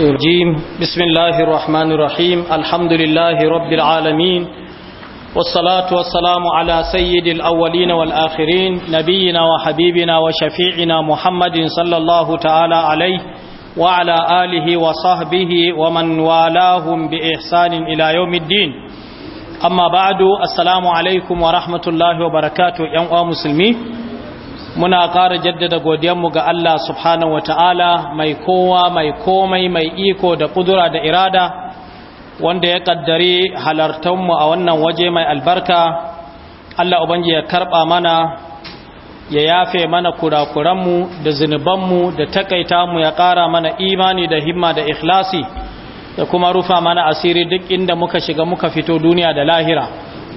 جيم بسم الله الرحمن الرحيم الحمد لله رب العالمين والصلاة والسلام على سيد الأولين والآخرين نبينا وحبيبنا وشفيعنا محمد صلى الله تعالى عليه وعلى آله وصحبه ومن والاهم بإحسان إلى يوم الدين أما بعد السلام عليكم ورحمة الله وبركاته يوم مسلمين muna ƙara jaddada godiyanmu ga Allah subhanahu wa ta'ala mai kowa mai komai mai iko da ƙudura da irada wanda ya ƙaddari mu a wannan waje mai albarka Allah Ubangi ya karɓa mana ya yafe mana kurakuranmu da zunubanmu da takaita mu ya ƙara mana imani da himma da ikhlasi da kuma rufa mana asiri duk inda muka shiga muka fito duniya da lahira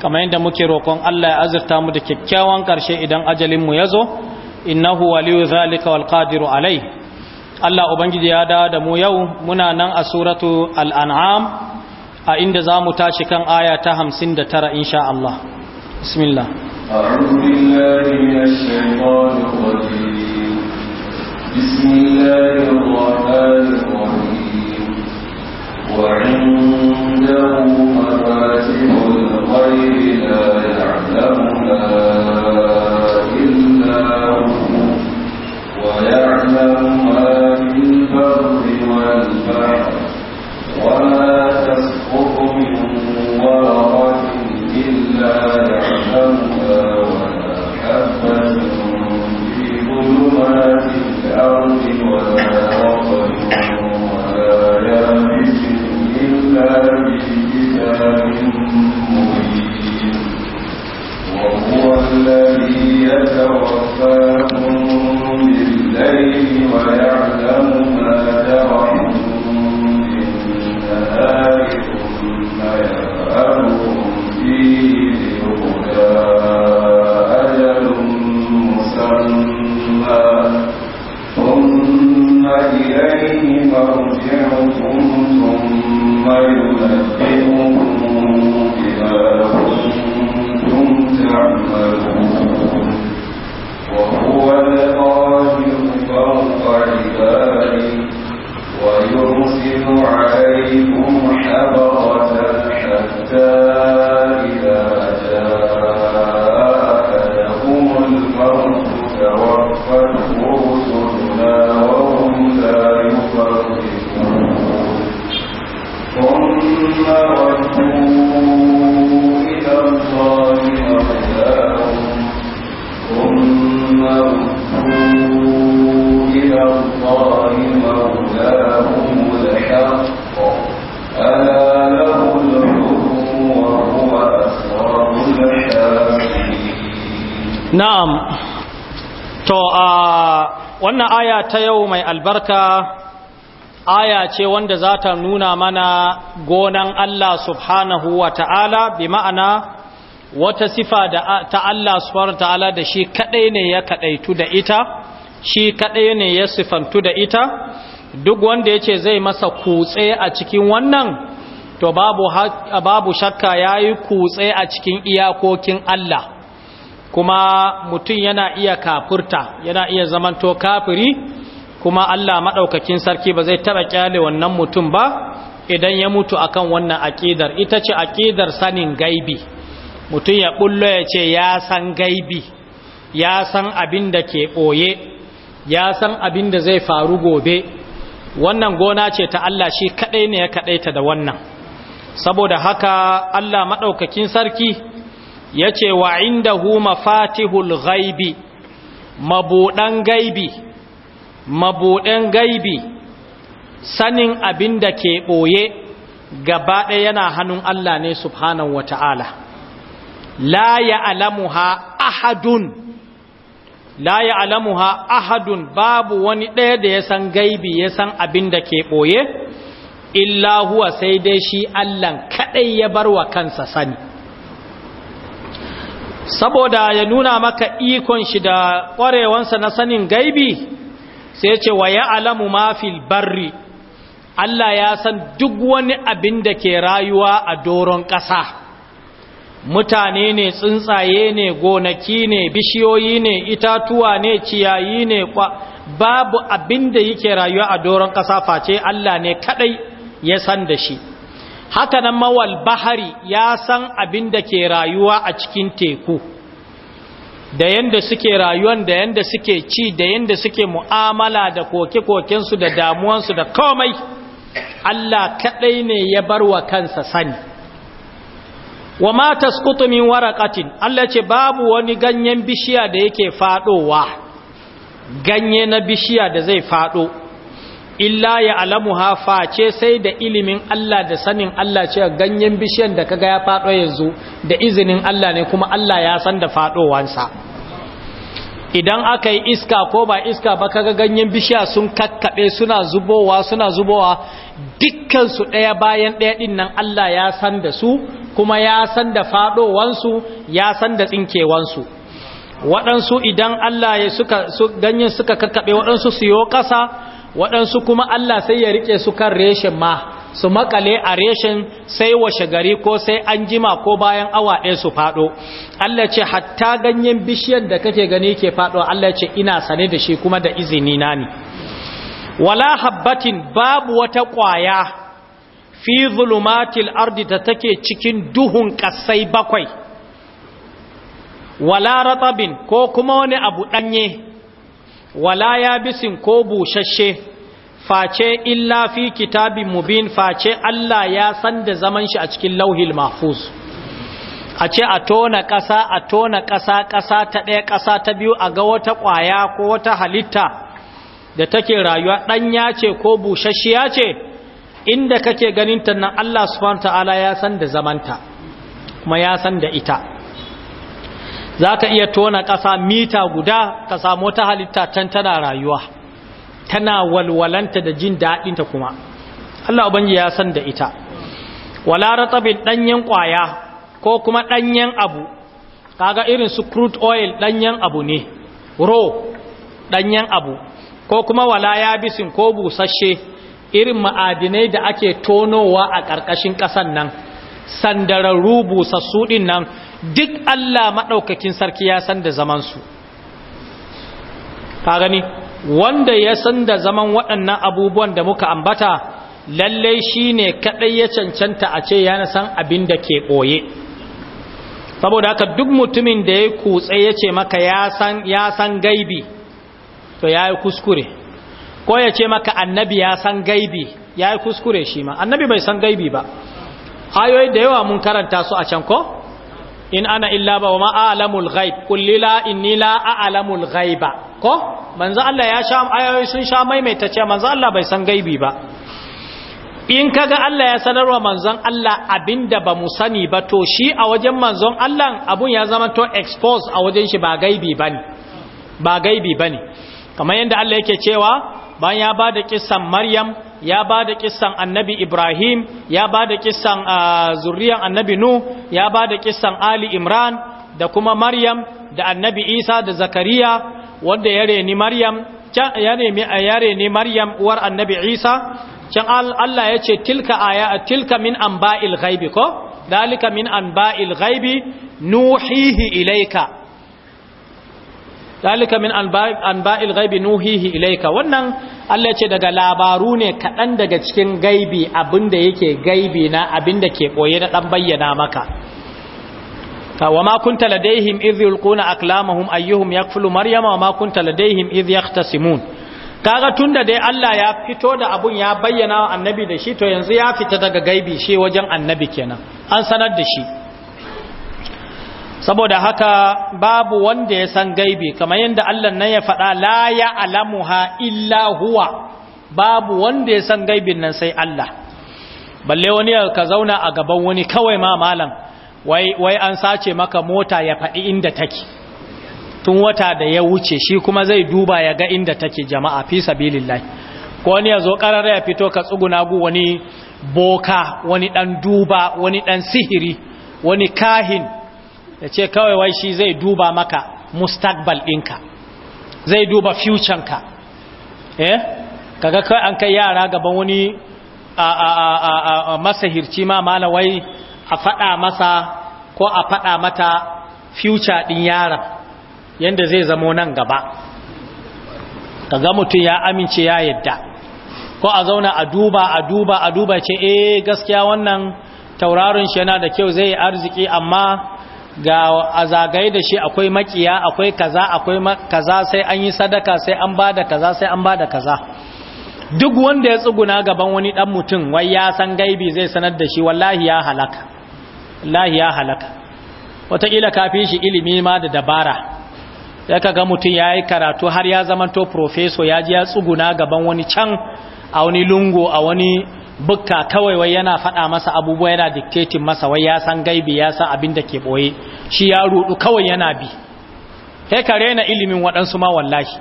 kamar yadda muke roƙon Allah ya azurta mu da kyakkyawan ƙarshe idan ajalinmu ya zo innahu waliyu zalika wal qadiru alai Allah ubangiji ya dawo da mu yau muna nan a suratu al-an'am a inda zamu tashi kan aya ta 59 insha Allah bismillah أعوذ بالله من الشيطان الرجيم بسم الله الرحمن الرحيم وعنده مفاتح الغيب لا يعلمها na'am to a wannan aya ta yau mai albarka aya ce wanda za ta nuna mana gonan Allah subhanahu wa ta'ala bi ma'ana wata sifa da ta Allah subhanahu wa ta'ala da shi kaɗai ne ya kaɗaitu da ita shi kaɗai ne ya sifantu da ita duk wanda ya ce zai masa kutse a cikin wannan to babu shakka ya yi kutse a cikin iyakokin Allah kuma mutum yana iya kafurta yana iya zamanto kafiri kuma Allah maɗaukakin sarki ba zai taɓa ƙyale wannan mutum ba idan ya mutu akan wannan aƙidar ita ce aƙidar sanin gaibi mutum ya ɓullo ya ce ya san gaibi ya san abin da ke ɓoye ya san abin da zai faru gobe wannan gona ce ta Allah shi kaɗai ne ya kaɗaita da wannan saboda haka Allah maɗaukakin sarki ya ce wa inda hu mafatihul ghaibi mabuɗan gaibi mabuɗan gaibi sanin abin da ke ɓoye gaba ɗaya yana hannun Allah ne subhanahu wa ta'ala la ya alamuha ahadun la ya alamuha ahadun babu wani ɗaya da ya san gaibi ya san abin da ke ɓoye illa sai dai shi Allahn kaɗai ya bar wa kansa sani saboda ya nuna maka ikon shi da ƙwarewansa na sanin gaibi sai ce wa ya alamu mafil barri Allah ya san duk wani abin da ke rayuwa a doron ƙasa mutane ne tsuntsaye ne gonaki ne bishiyoyi ne itatuwa ne ciyayi ne babu abin da yake rayuwa a doron ƙasa face Allah ne kadai ya san da shi haka nan mawal bahari ya san abin da ke rayuwa a cikin teku da yanda suke rayuwan da yanda suke ci da yanda suke mu'amala da koke-kokensu da damuwansu da komai Allah kaɗai ne ya bar wa kansa sani wa ma tasqutu min waraqatin Allah ce babu wani ganyen bishiya da yake faɗowa, ganye na bishiya da zai faɗo. illa ya alamu hafa ce sai da ilimin Allah da sanin Allah ce ganyen bishiyan da kaga ya fado yanzu da izinin Allah ne kuma Allah ya san da fadowansa idan aka yi iska ko ba iska ba kaga ganyen bishiya sun kakkaɓe suna zubowa suna zubowa dukkansu ɗaya bayan ɗaya ɗin nan Allah ya san da su kuma ya san da faɗowansu ya san da tsinkewansu waɗansu idan Allah ya suka ganyen suka kakkaɓe waɗansu su yo ƙasa waɗansu kuma Allah sai ya riƙe su kan reshen ma su makale a reshen sai washe gari ko sai an jima ko bayan awa ɗaya su faɗo Allah ce hatta ganyen bishiyar da kake gani ke faɗo Allah ce ina sane da shi kuma da izini na ne wala habbatin babu wata ƙwaya fi zulumatil ardi da take cikin duhun kasai bakwai wala ratabin ko kuma wani abu ɗanye wala ya bisin ko bushashe face illa fi kitabin mubin face Allah ya san da zaman shi a cikin lauhil mahfuz a ce a tona ƙasa a tona ƙasa ƙasa ta ɗaya ƙasa ta biyu a ga wata ƙwaya ko wata halitta da take rayuwa ɗan ya ce ko ya ce inda kake ganin tannan nan Allah subhanahu ta'ala ya san da zamanta kuma ya san da ita za ka iya tona ƙasa mita guda ka samu wata halitta can tana rayuwa tana walwalanta da jin daɗinta kuma Allah ubangi ya san da ita wala ratabin ɗanyen ƙwaya ko kuma ɗanyen abu kaga irin su crude oil ɗanyen abu ne ro ɗanyen abu ko kuma wala yabisin ko busasshe irin ma'adinai da ake tonowa a ƙarƙashin ƙasan nan sandararru busassu ɗin nan duk Allah maɗaukakin sarki ya san da zamansu ka gani wanda ya san da zaman waɗannan abubuwan da muka ambata lallai shi ne kaɗai ya cancanta a ce ya san abin da ke ɓoye saboda haka duk mutumin da ya kutse ya ce maka ya san gaibi to ya yi kuskure ko ya ce maka annabi ya san gaibi ya yi kuskure shi ma annabi bai san gaibi ba ayoyi da yawa mun karanta su a can ko? in ana illa ba wa ma'alamul ghaib kulli la inni la a'lamul ghaiba ko manzo Allah ya sha ayoyi sun sha maimaita ce manzo Allah bai san gaibi ba in kaga Allah ya sanarwa manzon Allah abinda ba mu sani ba to shi a wajen manzon Allah abun ya zama to expose a wajen shi ba gaibi bane ba gaibi bane kamar yanda Allah yake cewa bayan ya bada kissan Maryam ya ba da annabi ibrahim ya ba da kissan ah, zurriyan annabi nu ya ba da ali imran da kuma maryam da annabi isa da zakariya wanda ya reni maryam ya reni maryam uwar annabi isa can allah ya ce tilka aya tilka min anba'il ghaibi ko dalika min anba'il ghaibi nuhihi ilaika dalika min anba'il ghaibi nuhihi ilaika. wannan Allah ce daga labaru ne kadan daga cikin gaibi abinda yake gaibi na abinda ke koye da dan bayyana maka wa ma kunta ladaihim idh yulquna aqlamahum ayyuhum yakfulu maryama wa ma kunta ladaihim idh yahtasimun kaga tunda dai Allah ya fito da abun ya bayyana wa annabi da shi to yanzu ya fita daga gaibi shi wajen annabi kenan an sanar da shi saboda haka babu wanda ya san gaibi kamar yadda Allah nan ya faɗa la ya alamuha illa huwa babu wanda ya san gaibin nan sai Allah balle wani ka zauna a gaban wani kawai ma malam wai wai an sace maka mota ya faɗi inda take tun wata da ya wuce shi kuma zai duba ya ga inda take jama'a fi sabilillah ko wani ya zo karara ya fito ka tsuguna gu wani boka wani dan duba wani dan sihiri wani kahin ya ce kawai wai shi zai duba maka mustakbal ɗinka zai duba ka eh kaga kai an kai yara gaban wani a a a a masahirci ma mana wai a faɗa masa ko a faɗa mata future ɗin yara yanda zai zamo nan gaba kaga mutum ya amince ya yadda ko a zauna a duba a duba a duba ce eh gaskiya wannan tauraron shi yana da kyau zai arziki amma ga a zagaye da shi akwai makiya akwai kaza akwai kaza sai an yi sadaka sai an bada kaza sai an bada kaza duk wanda ya tsuguna gaban wani dan mutum wai ya san gaibi zai sanar da shi wallahi ya halaka wallahi ya halaka wataƙila kafin shi ilimi ma da dabara ya kaga mutum ya yi karatu har ya zamanto profeso ya ji ya tsuguna gaban wani can a wani lungo a wani bukka kawai wai yana faɗa masa abubuwa yana dictating masa wai ya san gaibi ya san abin da ke ɓoye shi ya rudu kawai yana bi sai ka rena ilimin waɗansu ma wallahi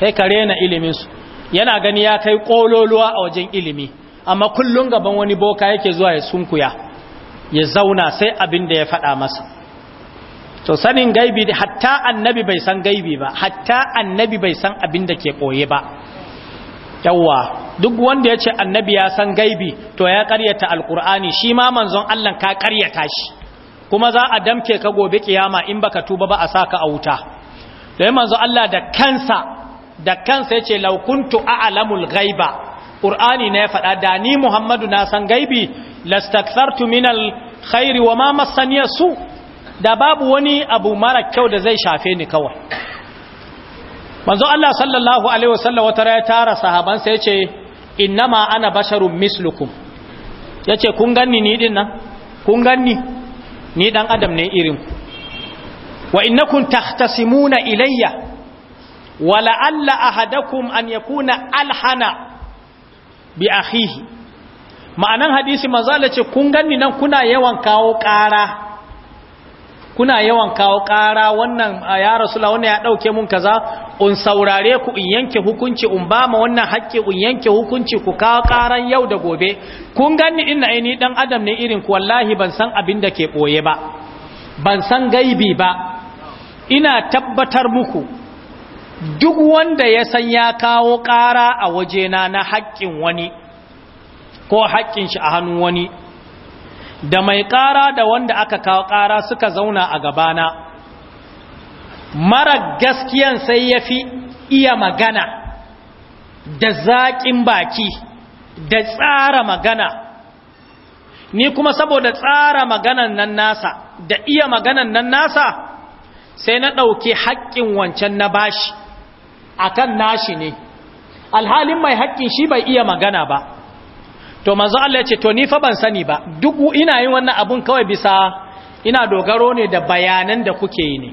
sai ka rena iliminsu yana gani ya kai ƙololuwa a wajen ilimi amma kullum gaban wani boka yake zuwa ya sunkuya ya zauna sai abin da ya faɗa masa to sanin gaibi hatta annabi bai san gaibi ba hatta annabi bai san abin da ke ɓoye ba yawa. duk wanda ya ce annabi ya san gaibi to ya karyata alkur'ani shi ma manzon Allah ka karyata shi kuma za a damke ka gobe kiyama in baka tuba ba a saka a wuta dai manzon Allah da kansa da kansa yace law kuntu a'lamul ghaiba qur'ani ne ya faɗa da ni muhammadu na san gaibi lastakthartu minal khairi wa ma massani su da babu wani abu mara kyau da zai shafe ni kawai manzo Allah sallallahu alaihi wasallam wata ya tara sahabansa yace Inna ana basharun mislukum ya ce kun ganni ni din nan kun ganni ni dan adam ne irin wa innakum tahtasimuna ilayya wa la'alla ahadakum an yakuna alhana bi akhihi ma'anan hadisi manzo Allah ce kun ganni nan kuna yawan kawo ƙara kuna yawan kawo ƙara wannan ya rasula wannan ya ɗauke mun kaza un saurare ku in yanke hukunci un ba ma wannan haƙƙi un yanke hukunci ku kawo ƙaran yau da gobe kun ganni ina eh, ni dan adam ne irin ku wallahi ban san abin da ke ɓoye ba ban san gaibi ba ina tabbatar muku duk wanda ya san ya kawo ƙara a wajena na haƙƙin wani ko haƙƙin shi a hannun wani da mai ƙara da wanda aka kawo ƙara suka zauna a gabana mara gaskiyan sai ya fi iya magana da zaƙin baki da tsara magana ni kuma saboda tsara maganan nan nasa da iya maganan nan nasa sai na ɗauke haƙƙin wancan na bashi akan nashi ne alhalin mai haƙƙin shi bai iya magana ba to manzo Allah ya to ni fa ban sani ba duk ina yin wannan abun kawai bisa ina dogaro ne da bayanan da kuke yi ne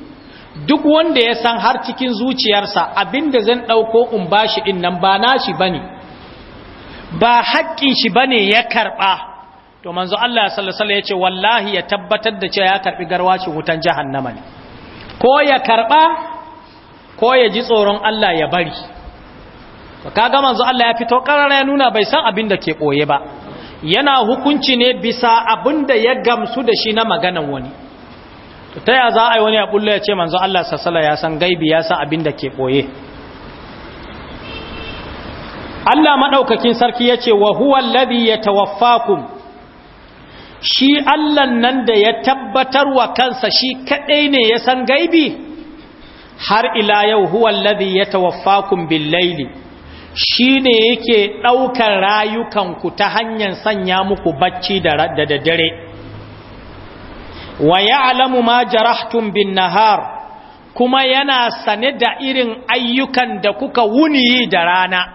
duk wanda ya san har cikin zuciyarsa abinda zan dauko in bashi din nan ba nashi bane ba haƙƙin shi bane ya karba to manzo Allah sallallahu alaihi wasallam wallahi ya tabbatar da cewa ya karbi garwaci wutan jahannama ne ko ya karba ko ya ji tsoron Allah ya bari to kaga manzo Allah ya fito karara ya nuna bai san abin da ke boye ba yana hukunci ne bisa abin da ya gamsu da shi na maganan wani to ta za a yi wani ya bullo ya ce manzo Allah sassala ya san gaibi ya san abin da ke boye Allah maɗaukakin sarki ya ce wa huwa alladhi yatawaffakum shi Allah nan da ya tabbatar wa kansa shi kadai ne ya san gaibi har ila yau huwa alladhi yatawaffakum bil laili shi ne yake ɗaukar rayukanku ta hanyar sanya muku bacci da daddare wa Alamu ma jarahtun bin nahar kuma yana sane da irin ayyukan da kuka wuni da rana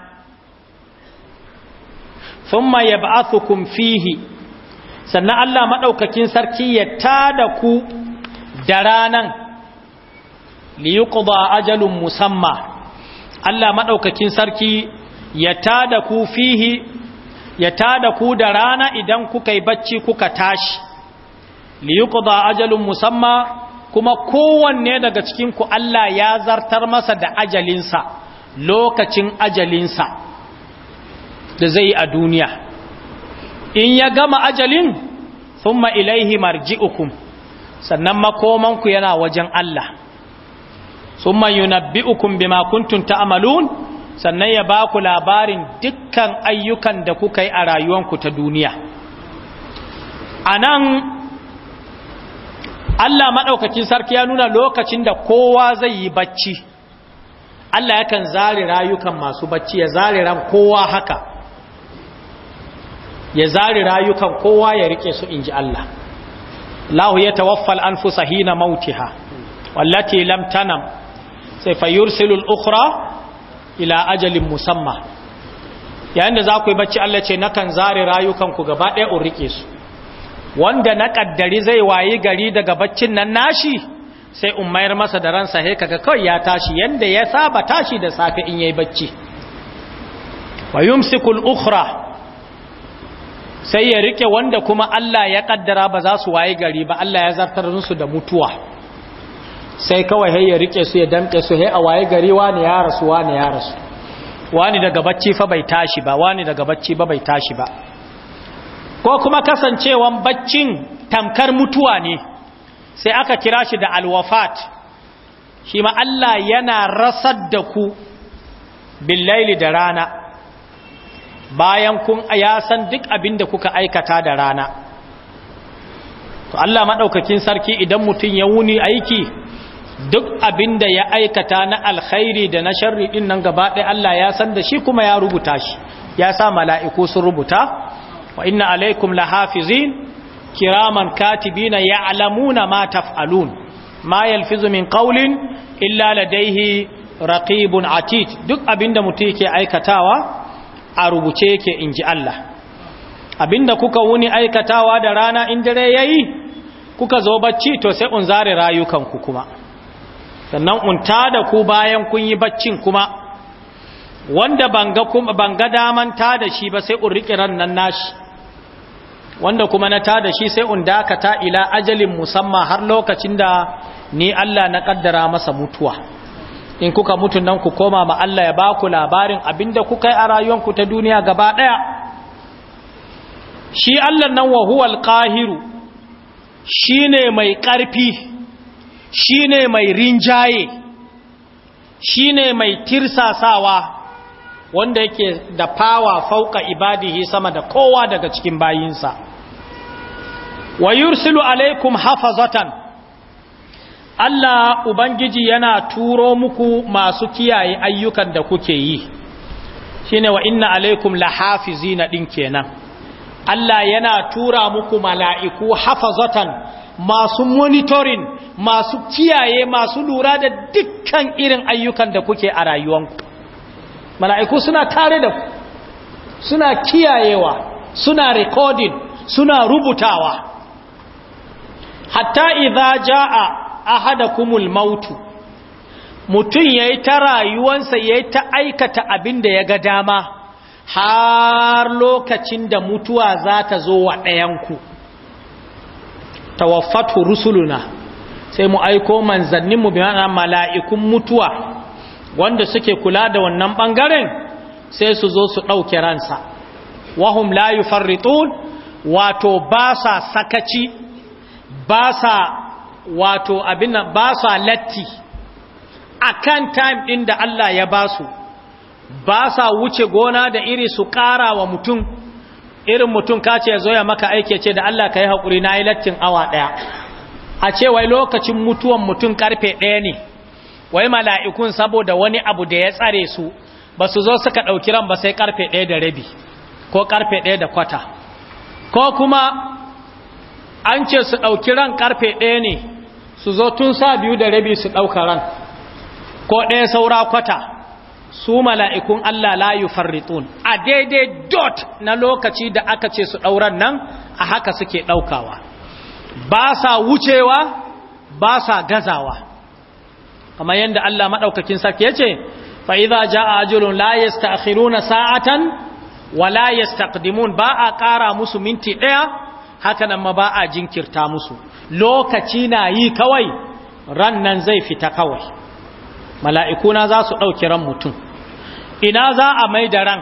thumma yab'athukum fihi sannan Allah maɗaukakin sarki ya tada ku da ranan liyuqda ajalun musamma Allah maɗaukakin sarki ya tada ku fihi ya tada ku da rana idan kuka yi bacci kuka tashi yuqda ajalun musamma kuma kowanne daga cikin ku Allah ya zartar masa da ajalinsa lokacin ajalinsa da zai a duniya in ya gama ajalin thumma ilaihi marji'ukum sannan makomanku yana wajen Allah summa yunabbi'ukum bima kuntum ta'malun sannan ya ba ku labarin dukkan ayyukan da kuka yi a rayuwanku ta duniya anan Allah madaukakin sarki ya nuna lokacin da kowa zai yi bacci Allah yakan zare rayukan masu bacci ya zare ran kowa haka ya zari rayukan kowa ya rike su inji Allah Lahu ya tawaffal anfusa hina mautiha wallati lam tanam sai fayyur silul ukura ila ajalin musamman yayin da za ku yi bacci Allah ce nakan zare rayukanku gaba ɗaya in rike su wanda na ƙaddari zai wayi gari daga baccin nan nashi sai in mayar masa da ransa he ga kawai ya tashi yanda ya saba tashi da safe in yayi bacci wa yumsikul sai ya rike wanda kuma Allah ya kaddara ba za su waye gari ba Allah ya zartar musu da mutuwa sai kawai hai ya rike su ya damke su hai a waye gari wani ya rasu wani ya rasu wani daga bacci fa bai tashi ba wani daga bacci ba bai tashi ba ko kuma kasancewan baccin tamkar mutuwa ne sai aka kira shi da alwafat shi ma Allah yana rasar da ku billaili da rana bayan kun ya san duk abin da kuka aikata da rana to Allah madaukakin sarki idan mutun ya wuni aiki duk abin da ya aikata na alkhairi da na sharri din nan gaba ɗaya Allah ya san da shi kuma ya rubuta shi ya sa mala'iku sun rubuta wa inna alaikum lahafizin kiraman katibina ya'lamuna ma taf'alun ma yalfizu min qawlin illa ladayhi raqibun atit duk abinda mutum yake aikatawa a rubuce yake inji Allah abinda kuka wuni aikatawa da rana in dare yayi kuka zo bacci to sai unzare rayukanku kuma sannan unta da ku bayan kun yi baccin kuma wanda banga kuma banga daman ta da shi ba sai un rike ran nashi wanda kuma na ta da shi sai un dakata ila ajalin musamman har lokacin da ni Allah na kaddara masa mutuwa in kuka mutun nan ku koma ma Allah ya baku labarin abinda kuka yi a rayuwarku ta duniya gaba daya shi Allah nan wa huwal qahiru shine mai ƙarfi Shi ne mai rinjaye shi ne mai tirsasawa wanda yake da fawa fauka ibadihi sama da kowa daga cikin bayinsa wa yursilu alaikum hafazatan Allah ubangiji yana turo muku masu kiyaye ayyukan da kuke yi shine wa inna alaikum lahafizina din kenan Allah yana tura muku mala'iku hafazatan masu monitoring masu kiyaye masu lura da dukkan irin ayyukan da kuke a rayuwanku mala'iku suna tare da ku suna kiyayewa suna recording suna rubutawa hatta idza jaa ahadakumul mautu mutun yayi ta rayuwansa yayi ta aikata abin da ya dama har lokacin da mutuwa za ta zo wa ɗayanku tawaffatu rusuluna sai mu aiko manzanninmu bi mana mala'ikun mutuwa wanda suke kula da wannan bangaren sai su zo su ɗauke ransa wahum la yufarritun wato ba sa sakaci ba sa wato abin ba sa latti akan time ɗin da Allah ya ba su ba sa wuce gona da iri su ƙara wa mutum irin mutum kace ya zo ya maka aike ce da Allah ka hakuri haƙuri na yi lattin awa ɗaya a ce wai lokacin mutuwan mutum karfe ɗaya ne wai mala'ikun saboda wani abu da ya tsare su ba su zo suka ɗauki ran ba sai karfe ɗaya da rabi ko karfe ɗaya da kwata ko kuma an ce su ɗauki ran karfe ɗaya ne su zo tun sa biyu da rabi su ɗauka ran ko ɗaya saura kwata su mala'ikun Allah layu farritun a daidai dot na lokaci da aka ce su ɗauran nan a haka suke ɗaukawa ba sa wucewa ba sa gazawa kamar yadda Allah maɗaukakin sarki ya ce fa'iza ja a ajiyarun layas ta sa'atan wa layas taƙdimun ba a ƙara musu minti ɗaya haka nan ma ba a jinkirta musu lokaci na yi kawai ran nan zai fita kawai mala'ikuna za su ɗauki ran mutum ina za a mai da ran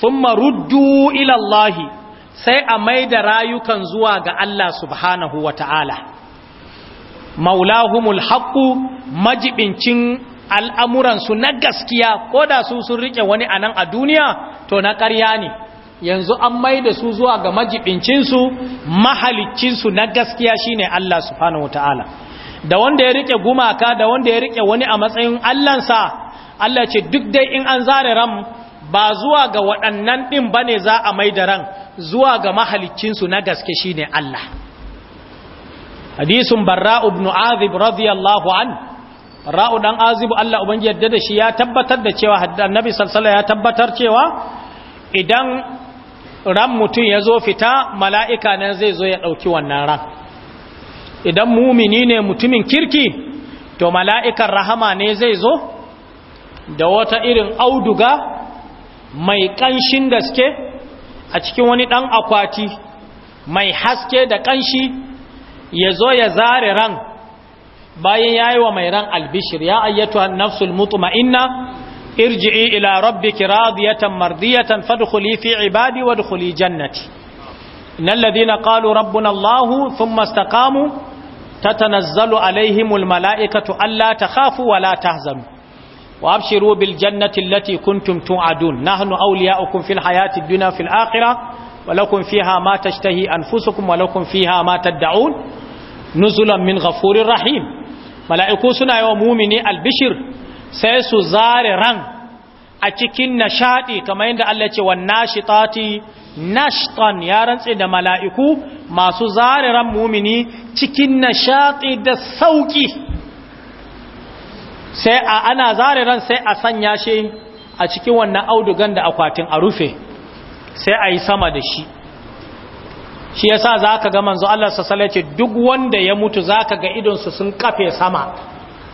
sun maruddu ilallahi sai a mai da rayukan zuwa ga Allah subhanahu wa ta'ala maulahumul haƙu majibincin al'amuransu na gaskiya ko da su sun riƙe wani a nan a duniya to na ƙarya ne yanzu an mai da su zuwa ga majibincinsu mahalicinsu na gaskiya shi ne Allah subhanahu wa ta'ala. da wanda ya riƙe gumaka da wanda ya riƙe wani a matsayin Allahnsa Allah ce duk dai in an zare ram ba zuwa ga waɗannan ɗin ba ne za a mai da ran zuwa ga mahalicinsu na gaske shi ne Allah hadisun barra ibn azib radiyallahu an ra'u dan azibu Allah ubangi yadda da shi ya tabbatar da cewa annabi sallallahu ya tabbatar cewa idan ran mutum ya zo fita mala'ika nan zai zo ya ɗauki wannan ran idan mumini ne mutumin kirki to mala'ikan rahama ne zai zo da wata irin auduga mai ƙanshin gaske a cikin wani ɗan akwati mai haske da ƙanshi ya zo ya zare ran bayan ya yi wa mai ran albishir ya ayyatu nafsul mutuma'inna irji'i ila rabbiki radiyatan mardiyatan fadkhuli fi ibadi wadkhuli jannati innal ladina qalu rabbuna allah thumma istaqamu tatanazzalu alaihimul mala'ikatu alla takhafu wala la tahzanu وابشروا بالجنة التي كنتم توعدون نحن أولياؤكم في الحياة الدنيا في الآخرة ولكم فيها ما تشتهي أنفسكم ولكم فيها ما تدعون نزلا من غفور رحيم ملائكو سنا يومومني البشر سيسو زار رن أتكين نشاتي كما يند الله والناشطات نشطا يا رنسي دا ملائكو ما سو زار رن مومني تكين نشاتي دا سوكي sai a ana zare ran sai a sanya shi a cikin wannan audugan da akwatin a rufe sai a yi sama da shi shi yasa za ka ga manzo Allah sassala ce duk wanda ya mutu za ka ga idonsu sun kafe sama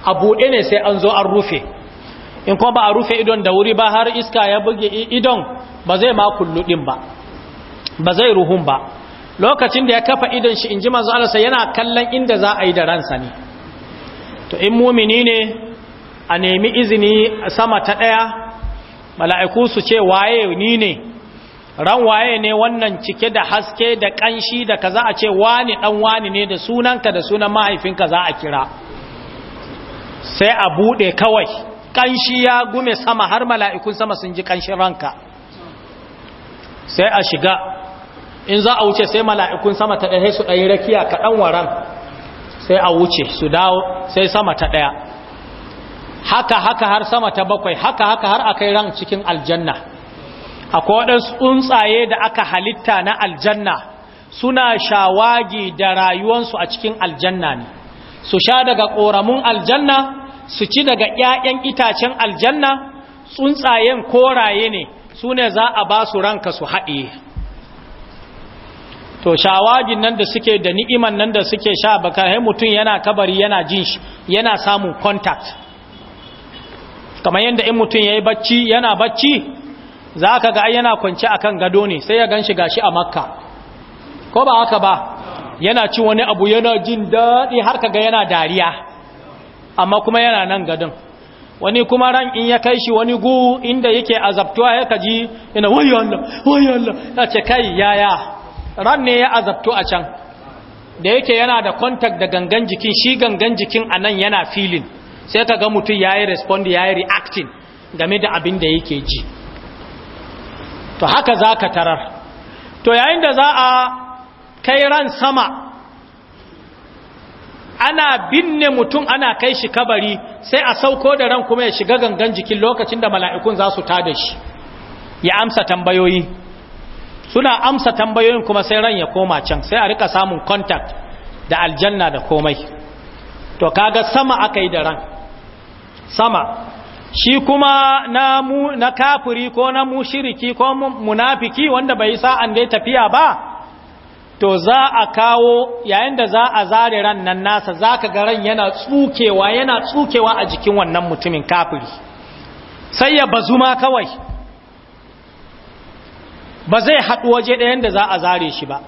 a buɗe ne sai an zo an rufe in kuma ba a rufe idon da wuri ba har iska ya buge idon ba zai ma kulluɗin ba ba zai ruhun ba lokacin da ya kafa idon shi in ji manzo Allah sai yana kallon inda za a yi da ransa ne to in mumini ne a nemi izini sama ta ɗaya mala'iku su ce waye ni ne ran waye ne wannan cike da haske da ƙanshi da kaza a ce wani ɗan wani ne da sunanka da sunan mahaifinka za a kira sai a buɗe kawai ƙanshi ya gume sama har mala'ikun sama sun ji ƙanshin ranka sai a shiga in za a wuce sai mala'ikun sama ta ɗaya su ɗaya rakiya kaɗan waran sai a wuce su dawo sai sama ta ɗaya haka haka har sama ta bakwai haka haka har akai ran cikin aljanna akwai waɗansu tsuntsaye da aka halitta na aljanna suna shawagi da rayuwansu a cikin aljanna ne su sha daga ƙoramun aljanna su ci daga ƴaƴan itacen aljanna tsuntsayen koraye ne su ne za a ba su ranka su haɗe to shawagin nan da suke da ni'iman nan da suke sha baka mutum yana kabari yana jin shi yana samun contact kamar yadda in mutum ya yi bacci yana bacci za ka ga yana kwanci akan gado ne sai ya ganshi gashi a makka ko ba haka ba yana ci wani abu yana jin daɗi har ka ga yana dariya amma kuma yana nan gadon wani kuma ran in ya kai shi wani gu inda yake azabtuwa ya kaji yana wayo Allah wayo Allah ya ce kai yaya ran ne ya azabtu a can da yake yana da contact da gangan jikin shi gangan jikin anan yana filin sai ka ga mutum ya yi respond ya yi reacting game da abin da yake ji to haka za ka tarar to yayin da za a kai ran sama ana binne mutum ana kai shi kabari sai a sauko da ran kuma ya shiga gangan jikin lokacin da mala'ikun za su tada shi ya amsa tambayoyi suna amsa tambayoyin kuma sai ran ya koma can sai a rika samun contact da aljanna da komai to kaga sama aka yi da ran sama shi kuma na, mu, na kafiri ko na mushiriki ko munafiki wanda bai sa'an da ya tafiya ba to za a kawo yayin da za a zare ran nan nasa za ka ga ran yana tsukewa yana tsukewa a jikin wannan mutumin kafiri sai ya bazu ma kawai ba zai haɗu waje ɗayan da za a zare shi ba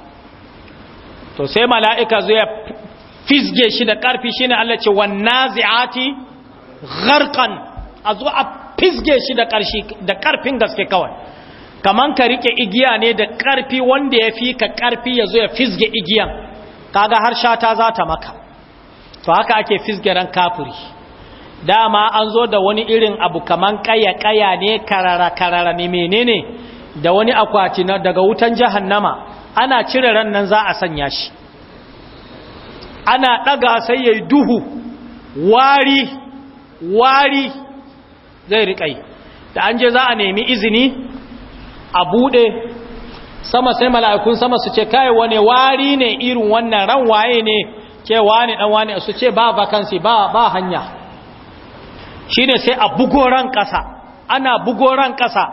to sai mala'ika zai fizge shi da ƙarfi shi ne Allah ce wannan zi'ati gharkan a zo a fisge shi da ƙarfin gaske kawai kaman ka rike igiya ne da ƙarfi wanda ya fi ka ƙarfi ya zo ya fisge igiyan kaga har shata za ta maka to haka ake fisge ran kafiri dama an zo da wani irin abu kaman kaya-kaya ne karara-karara ne menene da wani akwati na daga wutan jahannama ana cire ran nan za a sanya shi ana ɗaga sai ya duhu wari wari zai riƙai da an je za a nemi izini a buɗe sama sai mala'ikun sama su ce kai wane wari ne irin wannan ran waye ne ke wani dan wani su ce ba vacancy ba, ba hanya shi sai a ran ƙasa ana ran ƙasa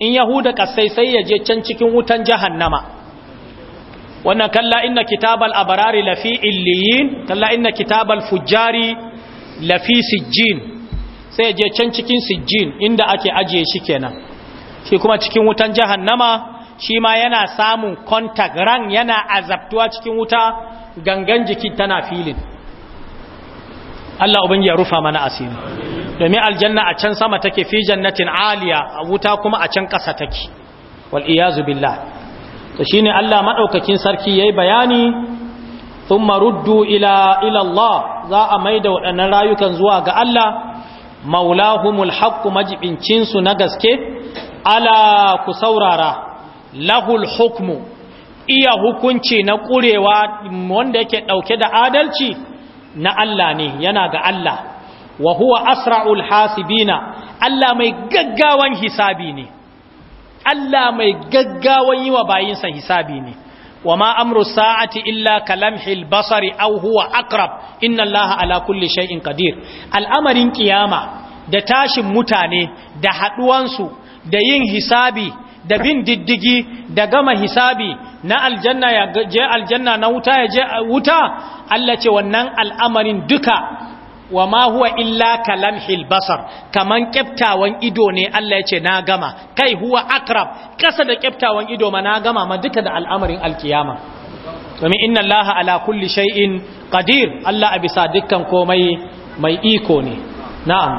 in yahuda ƙasai sai ya je can cikin wutan jahannama wannan kalla inna kitabal abarari lafi illiyin kalla inna kitabal fujjari lafi sijjin sai je can cikin sijjin inda ake ajiye shi kenan shi kuma cikin wutan jahannama shi ma yana samun kontak ran yana azabtuwa cikin wuta gangan jiki tana filin Allah ubangi ya rufa mana asiri domin aljanna a can sama take fi jannatin aliya a wuta kuma a can ƙasa take wal iyazu billah to shine Allah madaukakin sarki yayi bayani sun maruddu ila Allah za a maida waɗannan rayukan zuwa ga Allah maulahumul haqqu majibincinsu na gaske ala ku saurara lahul hukmu iya hukunci na ƙurewa wanda yake ɗauke da adalci na Allah ne yana ga Allah wa huwa asra'ul hasibina Allah mai gaggawan hisabi ne Allah mai gaggawan yi wa bayinsa hisabi ne wa ma amru sa'ati illa kalamhil basari aw huwa aqrab inna allaha ala kulli shay'in qadir al'amarin qiyama da tashin mutane da su da yin hisabi da bin diddigi da gama hisabi na aljanna ya je aljanna na wuta ya je wuta Allah ce wannan al'amarin duka wa ma huwa illa kalam hilbasar. kaman kyaftawan ido ne Allah ya ce na gama kai huwa akrab kasa da kyaftawan ido ma na gama ma duka da al'amarin alkiyama domin inna Allah ala kulli shay'in qadir Allah a bisa dukkan komai mai iko ne na'am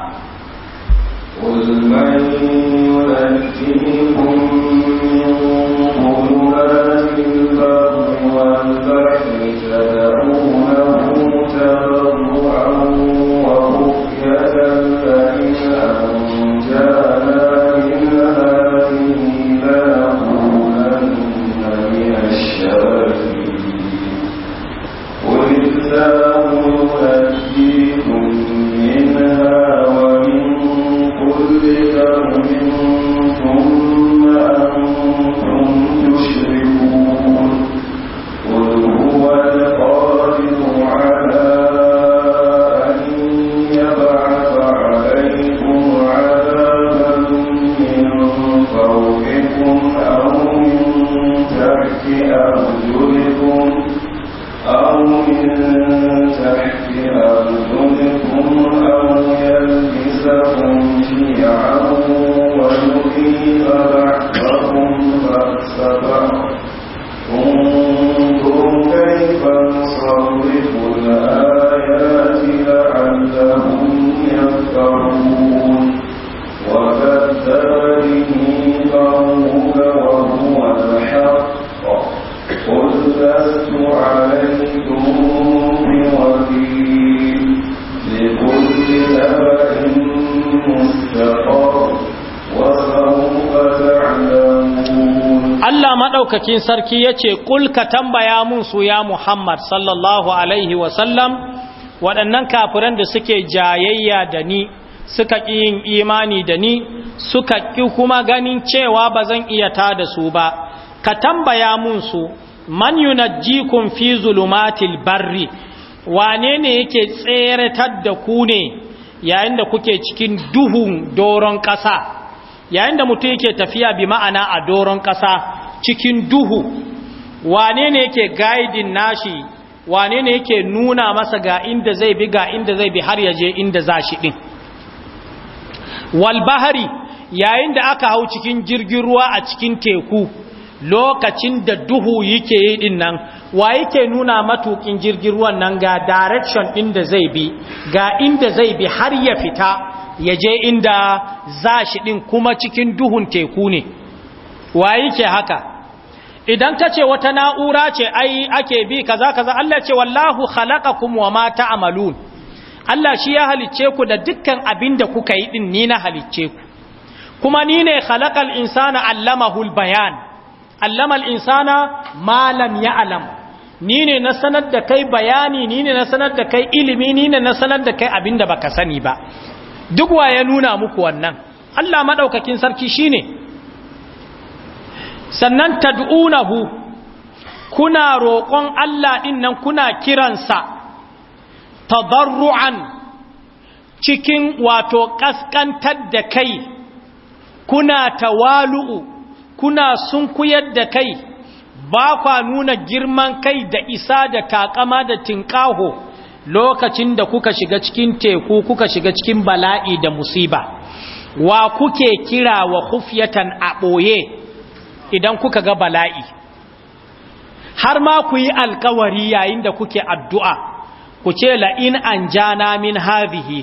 maɗaukakin sarki ya ce ka tambaya mun su ya Muhammad sallallahu Alaihi wasallam waɗannan kafiran da suke jayayya da ni suka ƙi yin imani da ni suka ƙi kuma ganin cewa ba zan iya ta da su ba ka tambaya mun su man yunajjikum fi zulumatil barri wane ne yake tseratar da ku ne yayin da kuke cikin duhun doron ƙasa yayin da mutum yake tafiya bi ma'ana a doron ƙasa cikin duhu wane ne yake gaidin nashi wane ne yake nuna masa ga inda zai bi ga inda zai bi har yaje inda za shi din walbahari yayin da aka hau cikin jirgin ruwa a cikin teku lokacin da duhu yake yi din nan wa yake nuna matukin jirgin ruwan nan ga direction inda zai bi ga inda zai bi har ya fita ya je inda za shi din kuma cikin duhun teku ne wa yake haka idan ka ce wata na'ura ce ai ake bi kaza kaza Allah ce wallahu khalaqakum wa ma ta'malun Allah shi ya halicce ku da dukkan abin da kuka yi din ni na halicce ku kuma ni ne khalaqal insana allamahu albayan allamal insana ma lam ya'lam ni ne na sanar da kai bayani ni ne na sanar da kai ilimi ni ne na sanar da kai abin da baka sani ba duk wa ya nuna muku wannan Allah madaukakin sarki shine sannan tad'unahu kuna roƙon Allah din nan kuna kiransa tadarruan cikin wato ƙasƙantar da kai kuna tawalu'u kuna sunkuyar da kai ba kwa nuna girman kai da isa da takama da tinkaho lokacin da kuka shiga cikin teku kuka shiga cikin bala'i da musiba wa kuke kira wa khufyatan a ɓoye idan kuka ga bala'i har ma ku yi alkawari yayin da kuke addu'a ku ce la'in an ja min hazihi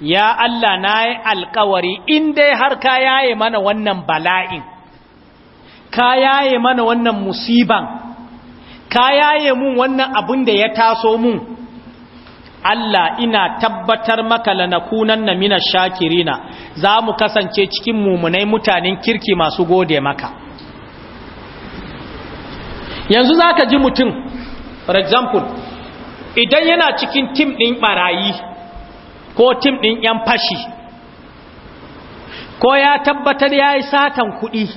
ya Allah na yi alkawari in dai har ka yaye mana wannan bala'in ka yaye mana wannan musiban ka yaye mun wannan abun da ya taso mun Allah ina tabbatar maka lanakunan na mina shakirina za mu kasance cikin mummunai mutanen kirki masu gode maka yanzu za ka ji mutum for example idan yana cikin tim ɗin ɓarayi ko tim ɗin 'yan fashi ko ya tabbatar ya yi satan kuɗi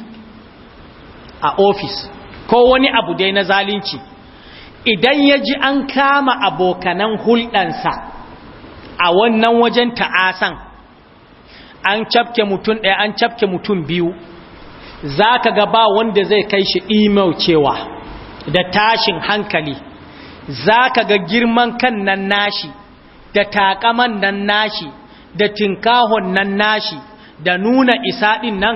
a ofis ko wani abu dai na zalunci idan ya ji an kama abokanan hulɗansa a wannan wajen ta'asan an cafke mutum ɗaya an cafke mutum biyu za ka ga ba wanda zai kai shi imel cewa da tashin hankali za ka ga girman kan nan nashi da takaman nan nashi da tinkahon nan nashi da nuna isa ɗin nan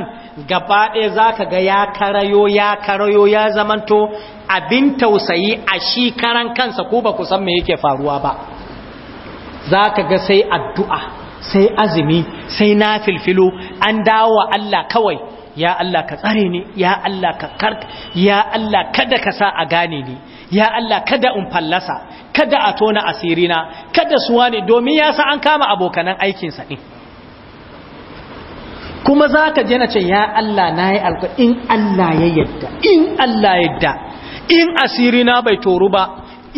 gaba ɗaya za ka ga ya karayo ya karayo ya zamanto abin tausayi a shi karan kansa ko ba ku san me yake faruwa ba za ka ga sai addu'a sai azumi sai na filfilo an dawo wa Allah kawai ya Allah ka tsare ni ya Allah ka kar ya Allah kada ka sa a gane ni ya Allah kada in fallasa kada a tona asirina kada su wane domin ya sa an kama abokanan aikinsa ɗin kuma za ka na ce ya Allah na yi in Allah ya yadda in Allah ya yadda in asirina bai toru ba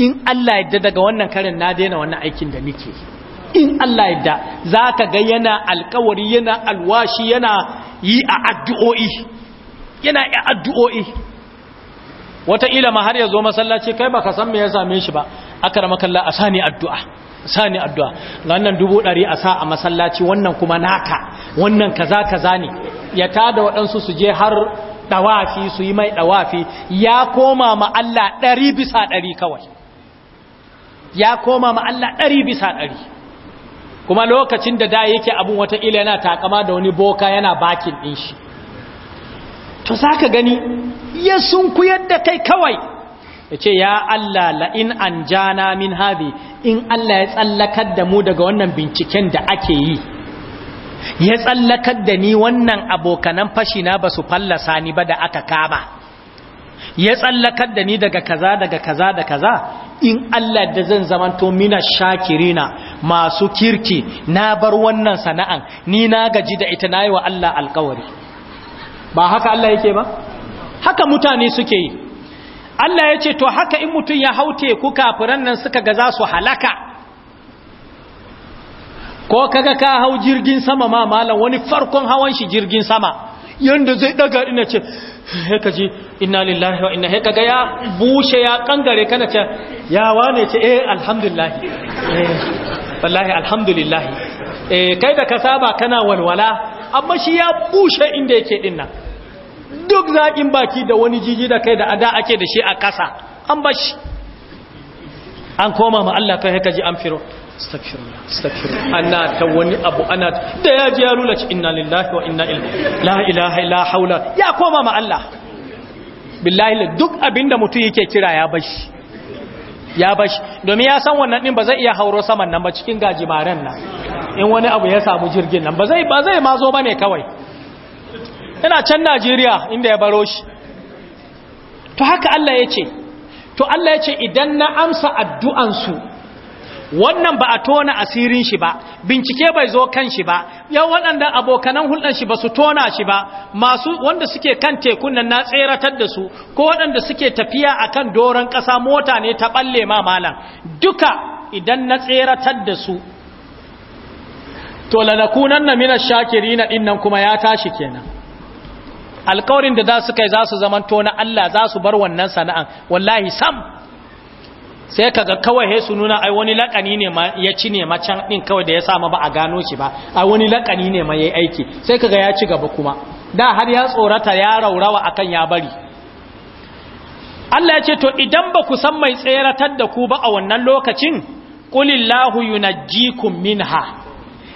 in Allah ya yadda daga wannan karin na daina wannan aikin da yi in Allah yadda za ka ga yana alkawari yana alwashi yana yi a addu'o'i yana yi addu'o'i wataƙila ma har ya zo masallaci kai ba ka san me ya same shi ba aka rama kalla a sani addu'a sani addu'a wannan dubu ɗari a sa a masallaci wannan kuma naka wannan kaza kaza ne ya tada waɗansu su je har ɗawafi su yi mai ɗawafi ya koma ma Allah ɗari bisa ɗari kawai ya koma ma Allah ɗari bisa ɗari kuma lokacin da da yake abun wata ila yana takama da wani boka yana bakin din shi to zaka gani ya ku yadda kai kawai yace ya Allah la in anjana min hadi in Allah ya tsallakar da mu daga wannan binciken da ake yi ya tsallakar da ni wannan abokanan fashi na su fallasa ni ba da aka kama ya tsallakar da ni daga kaza daga kaza da kaza in Allah da zan zamanto mina shakirina masu kirki na bar wannan sana'an ni na gaji da ita nayi wa Allah alƙawari. ba haka Allah yake ba haka mutane suke yi Allah ya ce to haka in mutum ya haute ku kafiran nan suka ga za su halaka ko kaga ka hau jirgin sama ma malam wani farkon hawan shi jirgin sama yanda zai daga ina ce haka ji inna lillahi wa ina haka ga ya bushe ya kangare kana ce ya wane ce eh alhamdulillahi eh wallahi alhamdulillahi eh kai da ka saba kana walwala amma shi ya bushe inda yake nan duk zakin baki da wani jiji da kai da ada ake da shi a kasa an bashi an koma ma Allah kai heka ji an firo ana ta wani abu ana da ya ji ya lulace inna lillahi wa inna ilaihi la ilaha illa haula ya koma ma Allah billahi duk abinda mutum yake kira ya bashi ya bashi domin ya san wannan din ba zai iya hauro saman nan ba cikin gajimaren nan in wani abu ya samu jirgin nan ba zai ba zai ma zo bane kawai ina can Najeriya inda ya baro shi to haka Allah ya ce to Allah ya ce idan na amsa addu'ansu wannan ba a tona asirin shi ba bincike bai zo kan shi ba ya waɗanda abokanan hulɗar shi ba su tona shi ba masu wanda suke kan tekun nan na tseratar da su ko waɗanda suke tafiya akan doron ƙasa mota ne ta ɓalle ma malam duka idan na tseratar da su to lanakunan na minar shakiri na dinnan kuma ya tashi kenan alkawarin da za su kai za su zamanto tona Allah za su bar wannan sana'an wallahi sam sai kaga kawai he su nuna ai wani lakani ne ma ya ci ne macan din kawai da ya sa ma ba a gano shi ba ai wani lakani ne ma yayi aiki sai ka ga ya ci gaba kuma da har ya tsorata ya raurawa akan ya bari Allah ya ce to idan ba ku san mai tseratar da ku ba a wannan lokacin qulillahu yunajjikum minha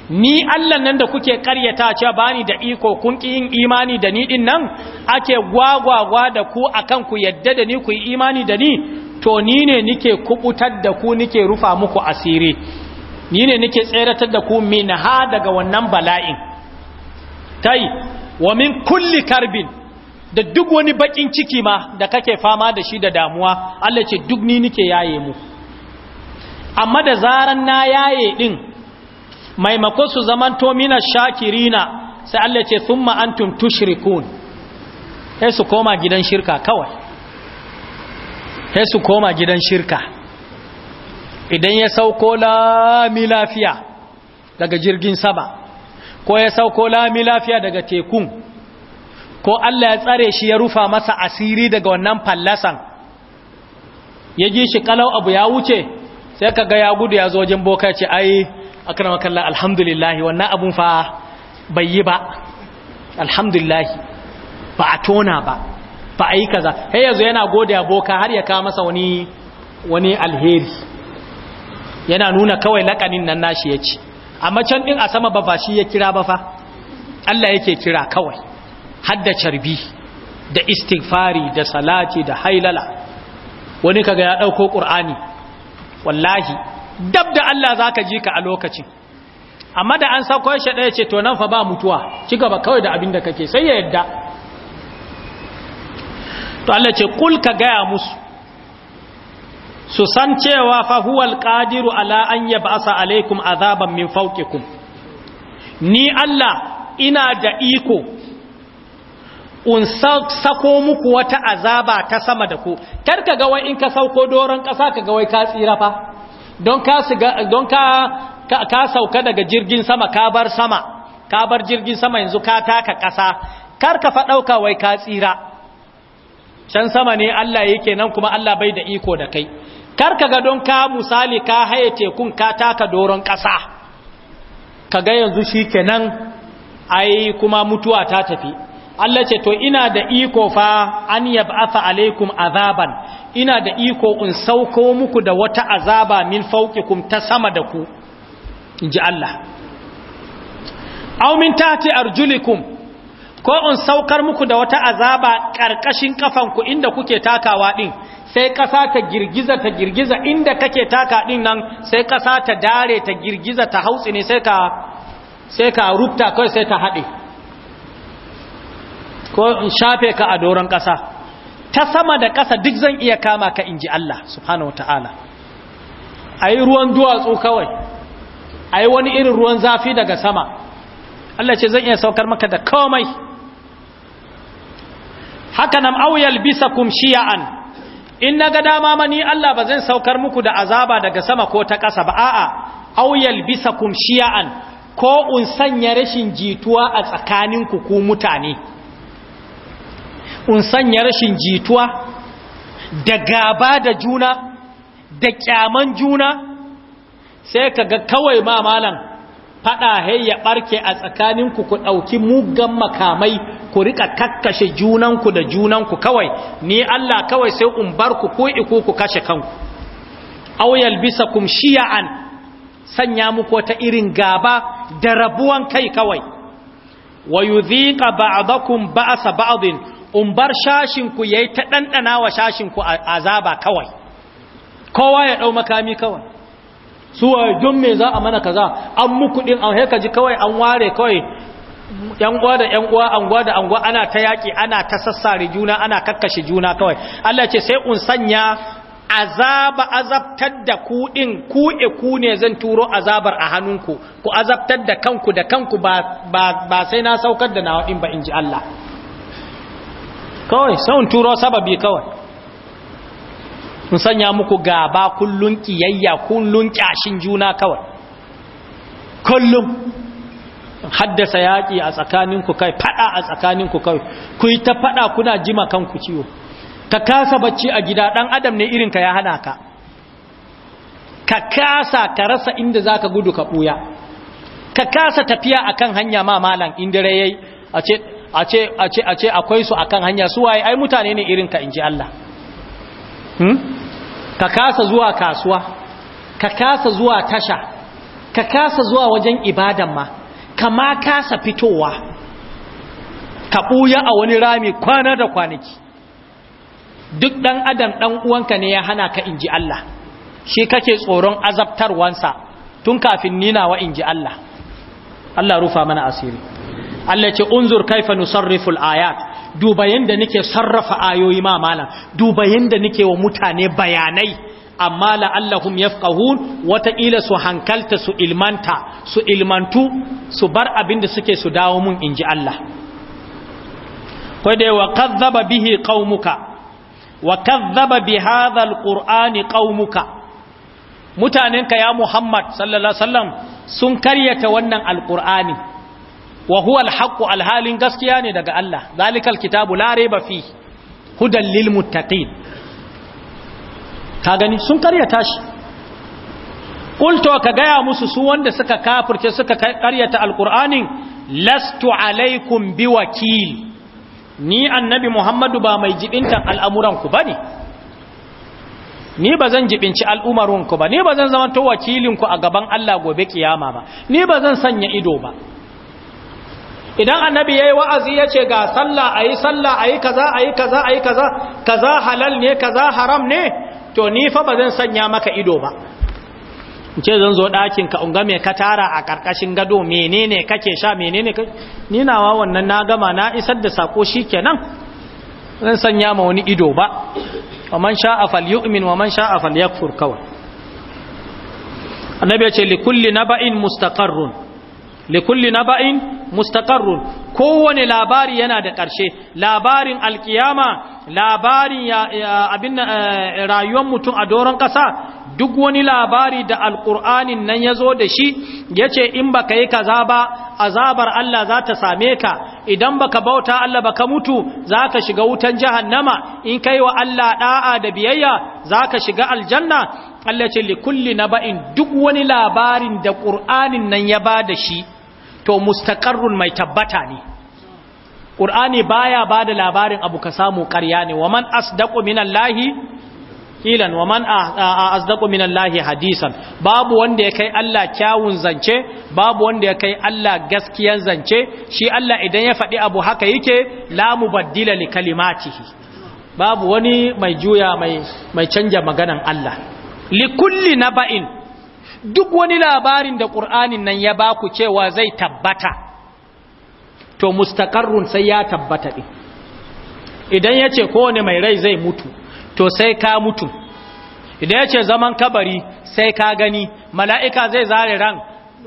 ni Allah nan da kuke karyata cewa bani da iko kun ki yin imani da ni din nan ake gwagwagwa da ku akan ku yadda da ni ku yi imani da ni to ni ne nike kubutar da ku nike rufa muku asiri ni ne nike tseratar da ku min ha daga wannan bala'in Tai wa min kulli karbin da duk wani bakin ciki ma da kake fama da shi da damuwa Allah ce duk ni nike yaye mu amma da zaran na yaye din maimakon su to mina shakirina sai Allah ce thumma antum tushrikun sai su koma gidan shirka kawai sai su koma gidan shirka idan ya sauko lami lafiya daga jirgin sama ko ya sauko lami lafiya daga tekun ko Allah ya tsare shi ya rufa masa asiri daga wannan fallasan ya ji shi kalau abu ya wuce sai ka ga ya gudu ya zo wajen boka ce ai akrama kallah alhamdulillah wannan abun fa bai yi ba alhamdulillah ba a tona ba Fa a kaza sai yanzu yana gode aboka har ya kawo masa wani wani alheri yana nuna kawai lakanin nan nashi ya ci amma can ɗin a sama ba ba shi ya kira ba fa Allah yake kira kawai har da carbi da istighfari da salati da hailala wani kaga ya ɗauko ƙur'ani wallahi dab da Allah zaka ji ka a lokacin amma da an sa shi ɗaya ce to nan fa ba mutuwa ci ba kawai da abinda da kake sai ya yadda to Allah ce kul ka gaya musu su san cewa fa huwal qadiru ala an yab'asa alaikum azaban min fawqikum ni Allah ina da iko un sako muku wata azaba ta sama da ku kar ka ga wai in ka sauko doron kasa ka ga wai ka tsira fa don ka don ka ka sauka daga jirgin sama ka bar sama ka bar jirgin sama yanzu ka taka kasa kar ka fa dauka wai ka tsira can sama ne Allah yake nan kuma Allah bai da iko da kai kar ka ga don ka misali ka haye tekun ka taka doron ƙasa ka ga yanzu shi kenan ai kuma mutuwa ta tafi Allah ce to ina da iko fa an yab'atha alaikum azaban ina da iko in sauko muku da wata azaba min fawqikum ta sama da ku inji Allah aw min tahti arjulikum ko in saukar muku da wata azaba ƙarƙashin ƙafanku inda kuke takawa ɗin sai ƙasa ta girgiza ta girgiza inda kake taka ɗin nan sai ƙasa ta dare ta girgiza ta hautsi ne sai ka sai ka rubta kawai sai ta haɗe ko in shafe ka a doron ƙasa ta sama da ƙasa duk zan iya kama ka inji Allah subhanahu wata'ala a yi ruwan duwatsu kawai a yi wani irin ruwan zafi daga sama Allah ce zan iya saukar maka da komai haka nan auyal bisakum shi'an in na ga dama mani Allah ba zai saukar muku da azaba daga sama ko ta ƙasa ba a'a auyal bisakum shi'an ko un sanya rashin jituwa a tsakanin ku ku mutane un sanya rashin jituwa da gaba da juna da kyaman juna sai kaga kawai ma malam faɗa hey ya barke a tsakaninku ku ɗauki muggan makamai ku rika kakkashe junanku da junanku kawai ni Allah kawai sai in bar ku ko iko ku kashe kanku aw yalbisakum an sanya muku ta irin gaba da rabuwan kai kawai wa yudhiqa ba'dakum ba'sa ba'din umbar shashinku yayi ta dandana wa ku azaba kawai kowa ya dau makami kawai suwa don me za a mana kaza an muku din an haka ji kawai an ware kawai yan uwa da yan uwa an da an ana ta yaki ana ta sassare juna ana kakkashe juna kawai Allah ce sai un sanya azaba azabtar da ku din ku e ku ne zan turo azabar a hannunku ku azabtar da kanku da kanku ba ba, ba sai na saukar da nawa din ba ji Allah kawai sai un turo sababi kawai in sanya muku gaba kullun kiyayya kullun kyashin juna kawai kullum haddasa yaƙi a tsakaninku kai fada a tsakaninku kai ku yi ta fada kuna jima kanku ciwo ka kasa bacci a gida ɗan adam ne irinka ya hana ka ka kasa ka rasa inda zaka gudu ka buya ka kasa tafiya akan hanya ma malam inda rayayi a ce akwai su akan hanya su waye ai mutane ne irinka in ji Allah Hmm? ka kasa zuwa kasuwa ka kasa zuwa tasha ka kasa zuwa wajen ibadan ma kama kasa fitowa ka ɓuya a wani rami kwana da kwanaki duk ɗan adam ɗan uwanka ne ya hana ka inji Allah shi kake tsoron azabtarwansa tun kafin ninawa inji Allah Allah rufa mana asiri Allah ce unzur kaifa nusarriful ayat duba yadda nake sarrafa ayoyi ma malam duba yadda nake wa mutane bayanai amma la'allahum yafqahun wataƙila su hankalta su ilmanta su ilmantu su bar abin da suke su dawo mun inji Allah kwaidai wa kazzaba bihi qaumuka wa kazzaba bi hadha alqur'ani qaumuka mutanenka ya Muhammad sallallahu alaihi wasallam sun karyata wannan alqur'ani wa huwa alhalin gaskiya ne daga Allah zalikal kitabu la raiba fi hudan lil muttaqin ka gani sun karyata shi qultu ka gaya musu su wanda suka kafirce suka karyata alqur'anin lastu alaikum biwakil ni annabi muhammadu ba mai jibintan al'amuran ku bane ni ba zan jibinci ku ba ni ba zan zama to wakilinku a gaban Allah gobe kiyama ba ni ba zan sanya ido ba idan annabi yayi wa'azi yace ga sallah ayi sallah ayi kaza ayi kaza ayi kaza kaza halal ne kaza haram ne to ni fa bazan sanya maka ido ba ce zan zo dakin ka unga me ka tara a karkashin gado menene kake sha menene kake ni nawa wannan na gama na isar da sako shikenan zan sanya ma wani ido ba wa man sha'a falyu'min wa man sha'a yakfur kawai annabi yace likulli li kulli naba'in mustaqarrun likulli naba'in mustaqarrun kowane labari yana da ƙarshe labarin alkiyama labarin abin eh, rayuwar mutum a doron ƙasa duk wani labari da alkur'anin nan ya zo da shi yace in baka ka yi kaza ba azabar Allah za ta same ka idan baka bauta Allah ba ka mutu za ka shiga wutan jahannama in kai wa Allah ɗa'a da biyayya za ka shiga aljanna Allah ce likulli naba'in duk wani labarin da ƙur'anin nan ya ba da shi to mustaqarrun mai tabbata ne Qur'ani baya bada labarin abu ka samu ƙarya ne wa man asdaqu minallahi ilan wa man asdaqu minallahi hadisan babu wanda ya kai Allah kyawun zance babu wanda ya kai Allah gaskiyan zance shi Allah idan ya faɗi abu haka yake la mubaddila li kalimatihi babu wani mai juya mai canja maganan Allah Likulli naba'in duk wani labarin da ƙur'anin nan ya ba ku cewa zai tabbata to mustaƙarrun sai ya tabbata ɗin idan yace ce kowane mai rai zai mutu to sai ka mutu idan yace zaman kabari sai ka gani mala'ika zai zare ran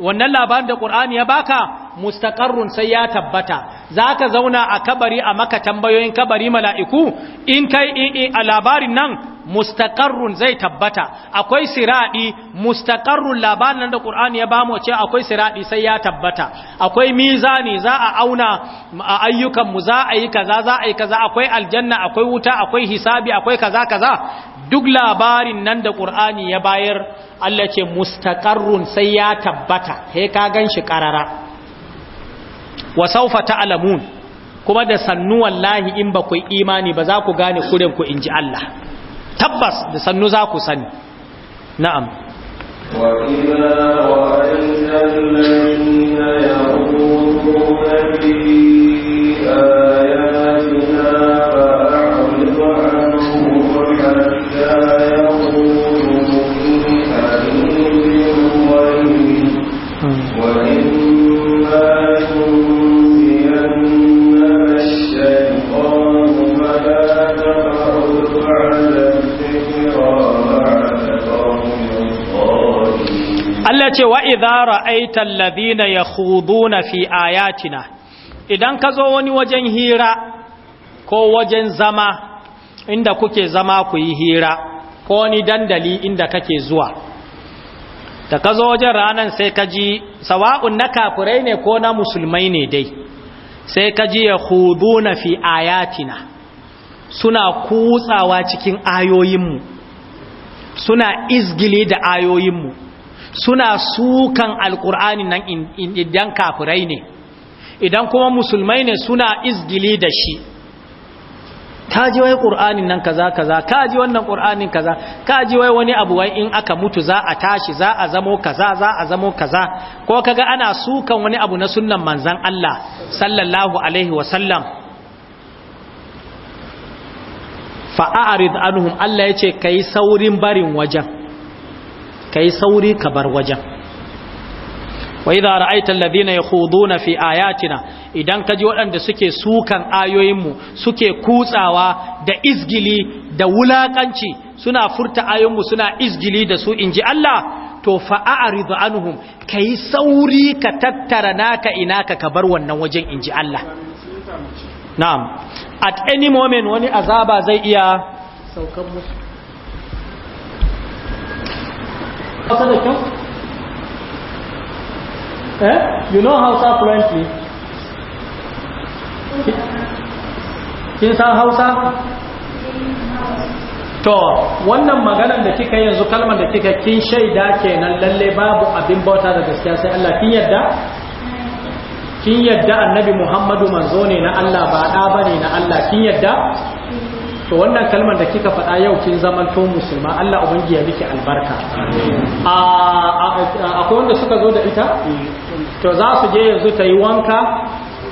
wannan labarin da ƙur'ani ya baka mustaqarrun sai ya tabbata zaka zauna a kabari a maka tambayoyin kabari mala'iku in kai in a labarin nan mustaqarrun zai tabbata akwai siradi mustaqarrun labarin nan da Qur'ani ya bamu ce akwai siradi sai ya tabbata akwai mizani za a auna a ayyukanmu mu za a yi kaza za a yi kaza akwai aljanna akwai wuta akwai hisabi akwai kaza kaza duk labarin nan da ƙur'ani ya bayar Allah ce mustaƙarrun sai ya tabbata sai ka gan shi ƙarara wa saufa ta'lamun kuma da sannu wallahi in ba ku imani ba za ku gane kuren ku inji Allah tabbas da sannu za ku sani na'am wa idza ra'aita alladhina yaquluna ce wa idara aitan ladina ya huduna fi ayatina idan ka zo wani wajen hira ko wajen zama inda kuke zama ku yi hira ko wani dandali inda kake zuwa da ka zo wajen ranar sai ka ji sawa'un na kafirai ne ko na musulmai ne dai sai ka ji ya huduna fi ayatina suna kutsawa cikin ayoyinmu suna izgili da ayoyinmu suna sukan alkur'ani nan idan kafirai ne idan kuma musulmai ne suna izgili da shi ka ji wai ƙur'anin nan kaza kaza ka ji wannan ƙur'anin kaza ka ji wai wani abu wai in aka mutu za a tashi za a zamo kaza za a zamo kaza ko kaga ana sukan wani abu na sunnan manzan Allah sallallahu alaihi wasallam fa'arid anhum Allah yace kai saurin barin wajen ka yi sauri ka bar wajen wa idha ra'aita hudu na fi ayatina idan ka ji waɗanda suke sukan ayoyinmu suke kutsawa da izgili da wulakanci suna furta ayoyinmu suna izgili da su inji Allah to fa'aridu ka yi sauri ka tattara naka ina ka bar wannan wajen inji Allah na'am at any moment wani azaba zai iya saukan musu Hausa Eh? You know Hausa fluently? Kin san Hausa? To, wannan maganar da kika yanzu kalmar da kika kin shaida kenan lalle babu abin bauta da gaskiya sai Allah kin yadda? Kin yadda annabi Muhammadu manzo ne na Allah ba ɗa bane na Allah kin yadda? to wannan kalmar da kika faɗa yau kin zamanto musulma Allah ubangi ya miki albarka akwai wanda suka zo da ita to za su je yanzu ta yi wanka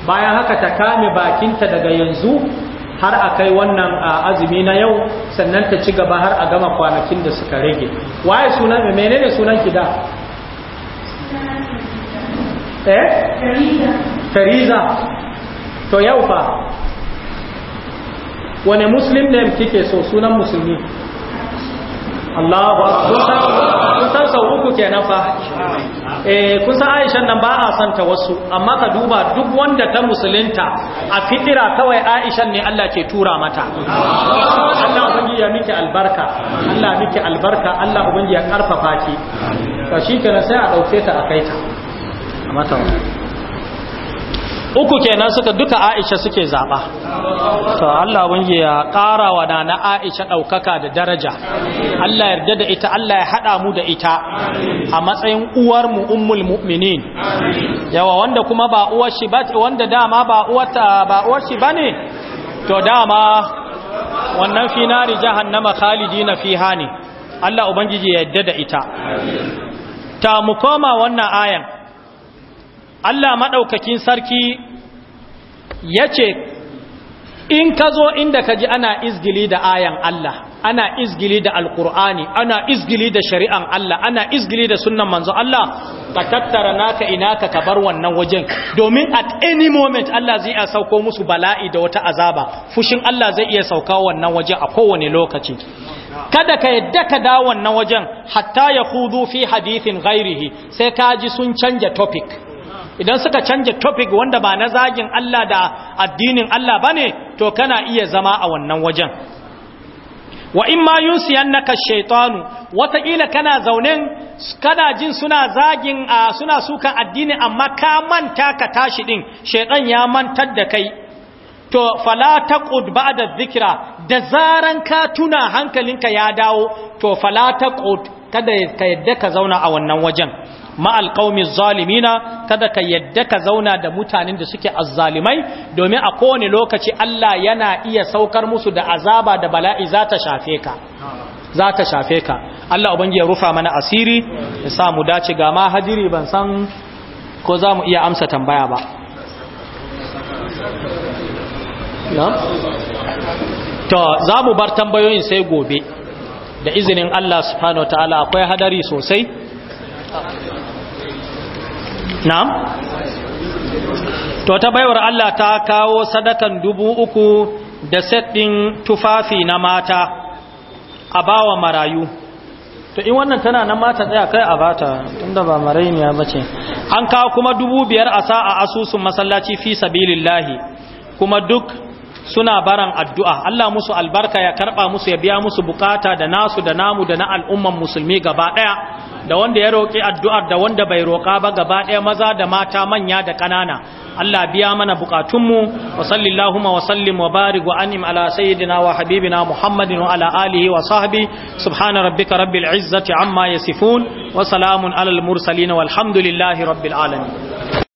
bayan haka ta kame bakinta daga yanzu har a kai wannan azumi na yau sannan ta ci gaba har a gama kwanakin da suka rage waye sunan menene sunan ki da eh Kariza to yau fa wane muslim ne kike so sunan musulmi Allahu akbar kun sau uku kenan fa eh kun san Aisha nan ba a santa wasu amma ka duba duk wanda ta musulunta a fitira kawai Aisha ne Allah ke tura mata Allah ubangi ya miki albarka Allah miki albarka Allah ubangi ya karfafa ki to shikenan sai a dauke ta a kaita amma ta uku kenan suka duka aisha suke zaba to Allah wange ya ƙara wa na aisha ɗaukaka da daraja Allah yarda da ita Allah ya haɗa mu da ita a matsayin uwar mu ummul mu'minin yawa wanda kuma ba uwar shi ba wanda dama ba uwata ba uwar shi bane to dama wannan finari jahannama khalidina fiha ne Allah ubangiji ya yarda da ita ta mu koma wannan ayan Allah maɗaukakin sarki ya ce in ka zo inda ka ji ana izgili da ayan Allah ana izgili da alkur'ani ana izgili da shari'an Allah ana izgili da sunan manzo Allah ka tattara naka ina ka ka bar wannan wajen domin at any moment Allah zai iya sauko musu bala'i da wata azaba fushin Allah zai iya sauka wannan waje a kowane lokaci kada ka yadda ka da wannan wajen hatta ya hudu fi hadithin gairihi sai ka ji sun canja topic idan suka canja topic wanda ba na zagin Allah da addinin Allah ba ne, to kana iya zama a wannan wajen wa in ma yunsiyannaka shaytanu wataƙila kana zaune kana jin suna zagin suna sukan addini amma ka manta ka tashi din shaytan ya mantar da kai to fala taqud ba'da dhikra da zaran ka tuna hankalinka ya dawo to fala taqud kada ka yadda ka zauna a wannan wajen ma'al qaumi zalimina kada ka yadda ka zauna da mutanen da suke azzalimai domin a kowane lokaci Allah yana iya saukar musu da azaba da bala'i za ta shafe ka za ta shafe ka Allah ubangi ya rufa mana asiri ya sa mu dace ga ma hadiri ban san ko za mu iya amsa tambaya ba to za mu bar tambayoyin sai gobe da izinin Allah subhanahu wataala akwai hadari sosai na'am to ta baiwar Allah ta kawo sadakan dubu uku da set tufafi na mata a bawa marayu to in wannan tana nan mata tsaya kai a bata tunda ba maraimiya bace an kawo kuma dubu biyar a sa'a asusun masallaci fi sabilillahi kuma duk suna baran addu'a Allah musu albarka ya karba musu ya biya musu bukata da nasu da namu da na al'umman musulmi gaba ɗaya da wanda ya roƙi addu'ar da wanda bai roƙa ba gaba ɗaya maza da mata manya da ƙanana Allah biya mana bukatunmu wa sallallahu wa sallim wa wa anim ala sayyidina wa habibina Muhammadin wa ala alihi wa sahbi subhana rabbika rabbil izzati amma yasifun wa salamun alal mursalin walhamdulillahi rabbil alamin